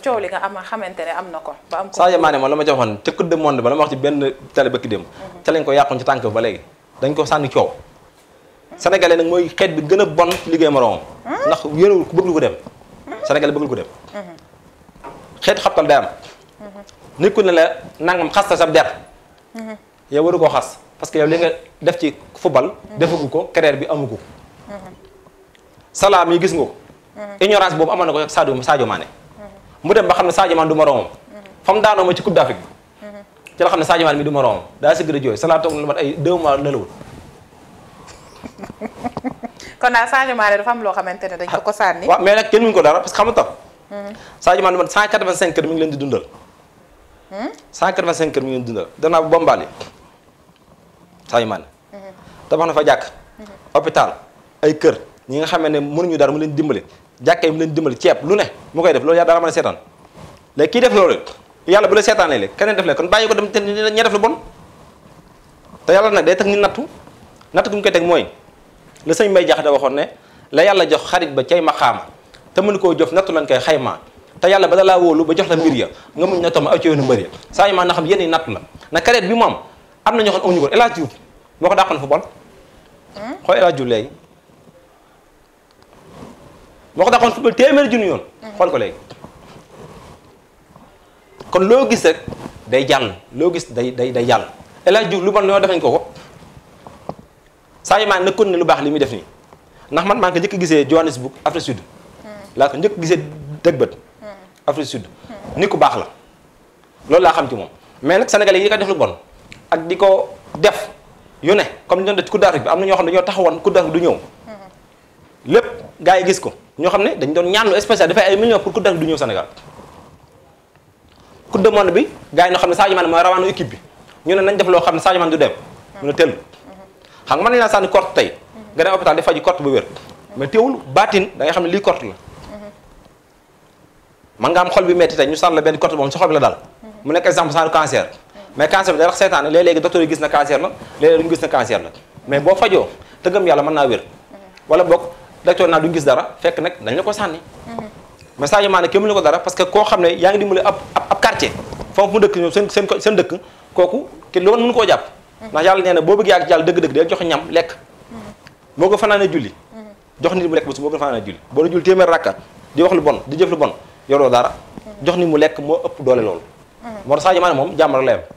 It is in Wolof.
coow li nga am xamante ne am na ko ba am ko Sadio Mané moom la ma joxoon ca coupe monde ba la ma wax ci benn télé bëkk dem ca lañ ko yàqoon ci tànk ba léegi dañ ko sànni coow sénégalais nag mooy xeet bi gën a bon liggéey moroomam ndax yéenewul ku bëggul ko dem sénégalais bëggul ko dem xeet xabtal day am nit ku ne la nangam xasta sab der yow waru koo xas parce que yow li nga def ci football defagu ko carrière bi amu ko salaam yi gis nga ko ignorance boobu ko Sadio Sadio mu dem ba xam ne Sadio Mané du moroomam fa mu daanoo ma ci Coupe ci la xam ne Sadio Mané mi du moroomam daa si gën a jooy sa laa toog lu mat ay deux mois kon daal Sadio Mané dafa am loo xamante ne dañ ko ko sànni waaw mais nag kenn mënu ko dara parce que xam nga tax hmm. Sadio Mané man 185 mi ngi leen di dundal 185 hmm? kër mi ngi leen di hmm. fa jàkk hôpital ay kër ñi nga xam ne ñu dara mu leen dimbale jàkka yi mu leen dimbali ceeb lu ne mu koy def loolu yàlla dara mën a seetaan léegi kii def loolu yàlla bu la seetaanee léegi keneen def la kon bàyyi ko dem te ñee def lu bon te yàlla nag day teg ni nattu nattu gi mu koy teg mooy la sëñ Mbay Jaxate waxoon ne la yàlla jox xarit ba cay maxaama te mënu koo jof nattu lañ koy xaymaa te yàlla ba dalaa wóolu ba jox la mbir ya nga mu na toog ma aw ci yoonu mbër ya saa yi na xam yenn yi nattu la na kareet bi moom am na ño xam amuñu ko El Hadj Diouf moo ko dàqoon football hmm? xool El Hadj Diouf léegi boo ko daqoon football téeméer junni yoon. xool ko léegi kon loo gis rek day jàll loo gis day day day jàll El jur lu bon ñoo defañ ko ko saa yu na nekkoon ne lu baax li muy def nii ndax man maa ngi ko njëkk gisee Johannesburg Afrique Sud laa ko njëkk gisee dëgg bët Afrique Sud ni ku baax la loolu laa xam ci moom mais nag senegal yi di ko def lu bon ak di ko def yu ne comme ni ñu doon def ci Coupe bi am na ñoo xam ne dañoo taxawoon Coupe d'Afrique du ñëw. lépp gaa yi gis ko ñoo xam ne dañ doon ñaanlu spécial dafay ay millions pour coupe d'Afrique du ñëw Sénégal coupe du monde bi gaa yi ñoo xam ne Sadio Mané mooy rawaanu équipe bi ñu ne nañ def loo xam ne Sadio Mané du dem ñu a tell xam nga mën naa sànni korte tey nga dem hôpital di faji korte ba wér mais teewul baatin da nga xam ne lii korte la man nga am xol bi metti tey ñu sànn la benn korte moom sa xol bi la daal mu nekk exemple sànni cancer mais cancer bi day wax seetaan léeg-léegi docteur yi gis na cancer la léeg-léeg ñu gis boo fajoo te gëm naa wér lecteur naa duñ gis dara fekk nag dañ la ko sànni mm-hmm. mais Sadio Mané kenn mënu ko dara parce que koo xam ne yaa ngi dimbali ab ab quartier fa mu dëkk ñoom seen seen dëkk kooku te loolu mënu koo jàpp mm-hmm. ndax yàlla nee na boo bëgg yàgg yàlla dëgg-dëgg del jox ñam lekk moo mm-hmm. ko fanaanee julli jox nit mu lekk bés moo gën fanaane julli boo na julli téeméer rakka di wax lu bon di jëf lu bon yoroo dara jox nit mu lekk moo ëpp doole loolu moo tax Sadio moom jàmm rek la yam